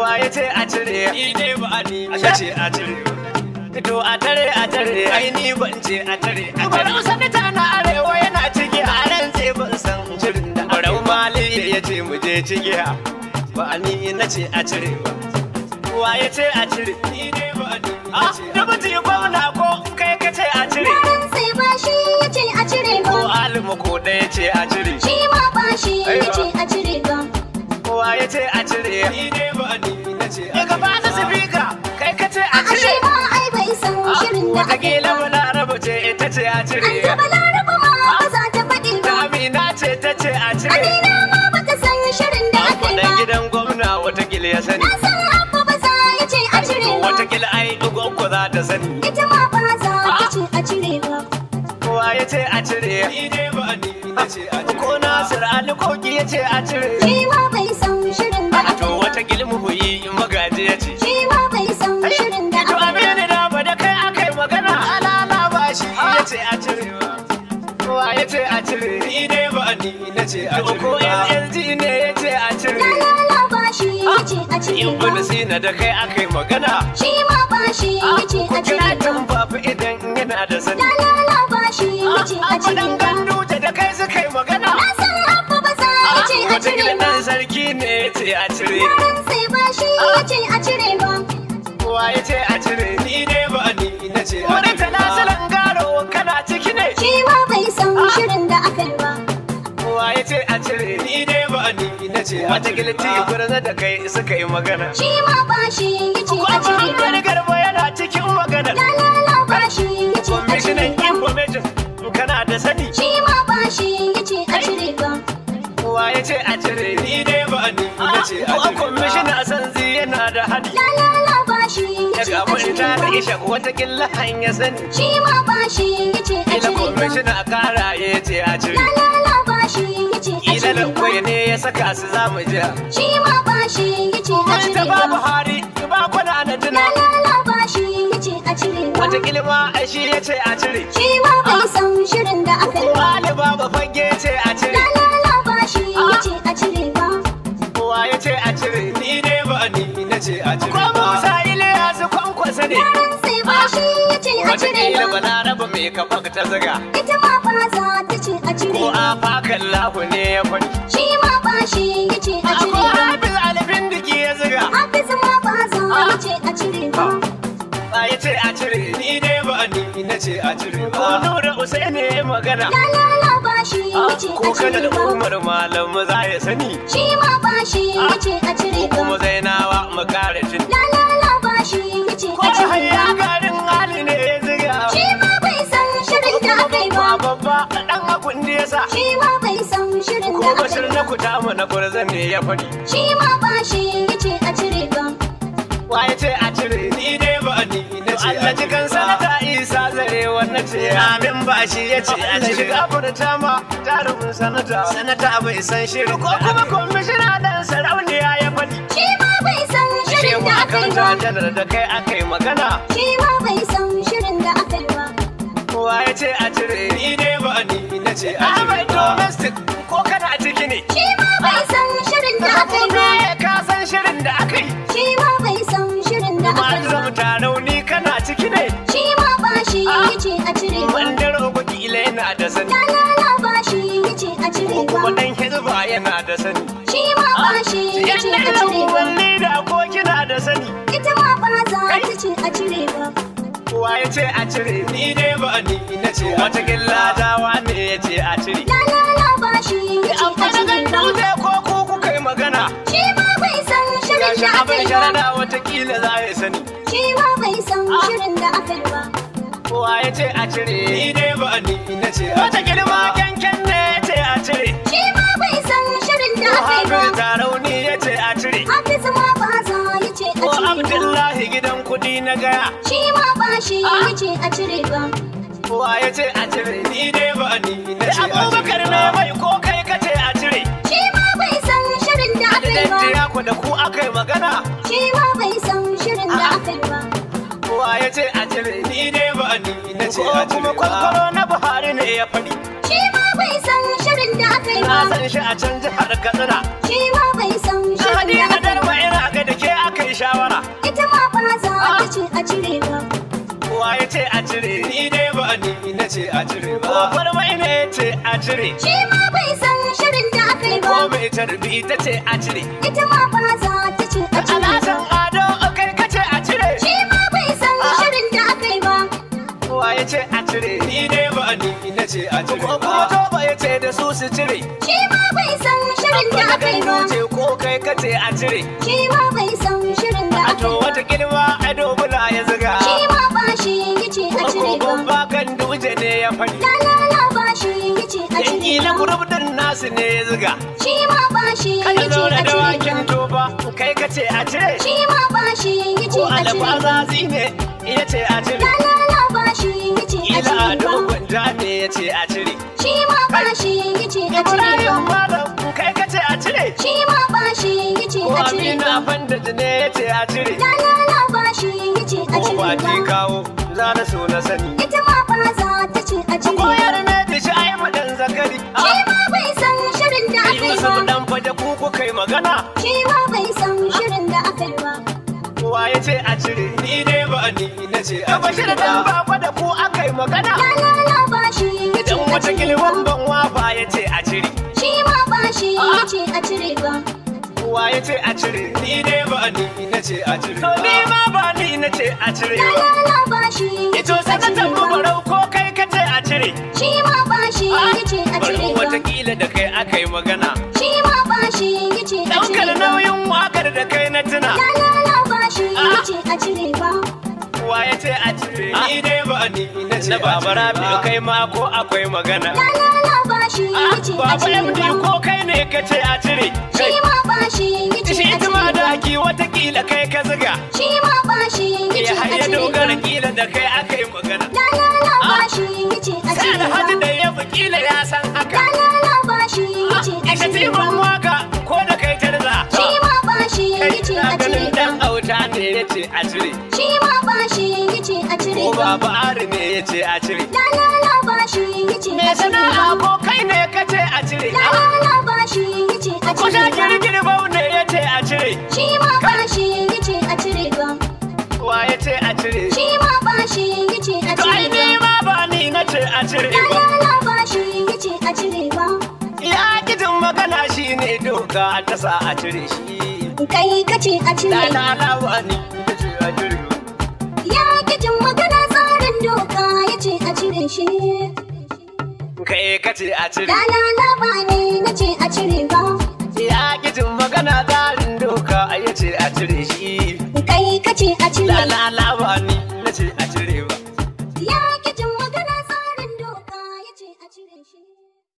kowa ya ce a cire Ni ne ba a ni ya ce a cire to a tare a tare ai ni ban ce a tare a tare barau sanata na arewa yana ciki a ran ce ban san jirin da barau mali ya ce mu je ciki ba ni na ce a cire ba kowa ya ce a cire ide ba ni a dubuti ah, gwamna ko kai ka ce a cire sai ba shi ya ce a cire ba ko alimu ko ɗaya ce a cire shi ma ba shi ya ce a cire ba ce a cire ni ne ba ni na ce a gaba na sifika kai ka ce a cire ba ai bai san ah, shirin da wata balaraba ce ita ce a cire an ta balaraba ma ba za ta faɗi ba amina ce ta ce a cire amina ma ba ta san shirin da aka yi ba gidan gwamna wata gil ya sani na san abu ba za ya ce a cire ba wata gil ai ɗugon ku za ta sani ita ma ba za ta ah. ce a cire ba kowa ya ce a cire ni ne ba ni na ce a cire ko nasir ali koki ya ce a cire ni ma kaji ya ce. Shi ma bai san shirin da aka yi. Aminu da ba da kai aka yi magana alala ba shi ya ce a cire ba. Kowa ya ce a cire. Ni dai ba ni na ce a cire ba. Ko LLG ne ya ce a cire. Alala ba shi ya ce a cire ba. Ibn Sina da kai aka yi magana. Shi ma ba shi ya ah, ce a cire ba. Ku kira tun babu idan yana da sani. Alala ba shi ya ah, ce a cire ba. Abadan gandu da kai suka yi magana. Na san abu ba za a ah, ce a cire ba. Wata nan sarki ne ya ce a cire. Yaran sai ba shi ya ce a cire ni ne ba ni na ce a cire wani talasalan gano kana ciki ne shi ma bai san shirin da aka yi ba kowa ya ce a cire ni ne ba ni na ce a wata gilti gurza da kai suka yi magana shi ma ba shi ya ce a cire ba wani garba yana cikin magana la la la ba shi ya ce a cire ba information kana da sani shi ma ba shi ya ce a cire ba kowa ya ce a cire ni ne ba ni na ce a ah, cire ba kwamishin a sanzi yana da hadi la la bashi yace a cikin ta da isha wata killa an ya sani shi ma bashi yace a cikin gobe shi na kara yace a cikin la la bashi yace a cikin ila koyi ne ya saka su zamu ji shi ma bashi yace a cikin ta ba hari ki ba kwana na dina la la bashi yace a ba. wata kilma ai shi yace a cikin shi ma bai san shirin da aka yi ba babu fage ce a cikin la la bashi ah. yace a cikin ba kowa yace a cikin ni ne ba ni nace a cikin ba ci kila balaraba mai kamar ta zaga. Ita ma ba za ta ce a cire. Ko a fakan lahu ne ya kwanci. Shi ma ba shi ya ce a cire. Ko hafiz alifin diki ya zaga. Hafiz ma ba za ya ce a cire ba. Ba ya ce a cire ni dai ba ni na ce a cire ba. Ko Nura Usaini ya magana. La la la ba shi ya ce a cire ba. Ko kada Umar malam za ya sani. Shi ma ba shi ya ce a cire ba. Ko kuma Zainawa mu kare shi. La la la ko bashir na ku dama na gwarzan ne ya faɗi shi ma ba shi ya ce a cire ba wa ya ce a cire ni dai ba ni na ce Allah ji kan sanata isa zare wannan ce amin ba shi ya ce a cire shiga fara tama jarumin sanata sanata bai san shirin ko kuma kwamishina dan sarauniya ya faɗi shi ma bai san shirin da aka yi ba da kai aka yi magana a ciki ne shi ma ba shi ah! yace a cire ba wanda rogo ki ile yana da sani la la ba shi yace a cire ba kuma dan hizba yana da sani shi ma ba ah! shi yace a cire ba wanne da ko kina da sani ita ma ba za ta ce a cire ba kowa ce a cire ni dai ba ni na ce wata gilla dawa ne yace a cire shi abin sharada watakila za ya sani. Shi ma bai san ah. shirin da aka yi ba. Kowa ya ce a cire. Ni dai ba ni na ce. Wata girma kyankyan ne ya ce a cire. Shi ma bai san shirin da aka yi ba. Ko rauni ya ce a cire. Hafiz ma ba za ya ce a cire. ba. Ko Abdullahi gidan kuɗi na gaya. Shi ma ba shi ya ce a cire ba. Kowa ya ce a cire. Ni dai ba ni na ce a cire. Abubakar na mai koka. dan tiraku da ku aka yi magana? Shi ma bai san shirin da aka yi ba. Kowa ya ce a cire ni ne ba ni na ce a cire ba. Kuma kwakwaro na Buhari ne ya faɗi. Shi ma bai san shirin da aka yi ba. Na san shi a can jihar Katsina. Shi ma bai san shirin da aka yi ba. Hadi a ina ga da ke aka yi shawara. Ita ma ba za a ah. ce a cire ba. Kowa ya ce a cire ni ne ba ni na ce a cire ba. Kwakwaro ne ya ce a cire. Shi ma bai san carbi ta ce a cire. Ita ma ba za ta ce a cire. Alasan ado kai ka ce a cire. Shi ma bai san ah. shirin da aka yi ba. Kowa ya ce a cire. Ni ne ba ni na ce a cire. Ko kuma toba ya ce da su su cire. Shi ma bai san shirin da aka yi ba. ce ko kai ka ce a cire. Shi ma bai san shirin da aka yi ba. A to wata girma, ado bula ya zuga. Shi ma ba shi ya ce a cire ba. Ko ba kan nasu ne zuga shi ma ba shi yin gici a cire toba kai ka ce a cire shi ma ba shi yin gici a cire ko alfazazi ne ya ce a cire lalala ba shi yin gici a cire ila a dogon ne ya ce a cire shi ma ba shi yin gici a cire ibrahim malam kai ka ce a cire shi ma ba shi yin gici a cire ko amina fanda ne ya ce a cire lalala ba shi yin gici a cire ko kwati kawo za na so na sani ita ma magana shi ma bai san shirin da aka yi ba kowa ya ce a cire ni ne ba ni na ce a cire ba da ba fa da ku aka yi magana la la la ba shi idan wata kilwan ban wa ba ya ce a cire shi ma ba shi ya ce a cire ba kowa ya ce a cire ni ne ba ni na ce a cire to ni ma ba ni na ce a cire ba la la ba shi ito sakatan barau ko kai ka ce a cire shi ma ba shi ya ce a cire ba wata kila da kai aka yi magana a cire ba. Kowa ya ce a cire ah. ni dai ba ni na baba rabi kai ma ko akwai magana. La la ba shi ya ah, ce a cire ba. Baba ko kai ne ka ce a cire. Shi ma ba shi ya ce a cire. Shi ma da ki watakila kai ka ziga. Shi ma ba shi ya ce a cire. Ya har dogara kila da kai aka yi magana. La la ba ah. shi ya ce a cire. Sai da hajji da ya fi kila ya ce a cire. Shi ma ba shi ya ce a cire ba. Ko baba arme ya ce a cire. La la la ba shi ya ce a cire ba. Me sana'a ko kai ne ka ce a cire. La la la ba shi ya ce a cire ba. Ko da girgiri bau ne ya ce a cire. Shi ma ba shi ya ce a cire ba. Wa ya ce a cire. Shi ma ba shi ya ce a cire ba. To ai ma ba ni na ce a cire ba. La la la ba shi ya ce a cire ba. Ya kitin magana shi ne doka ta sa a cire shi. kai kace a cire ya kijin magana tsarin doka ya ce a cire shi kai kace a cire la la la ba ne na ce a cire ba ya kijin magana tsarin doka ya ce a cire shi kai kace a cire la la la ba ne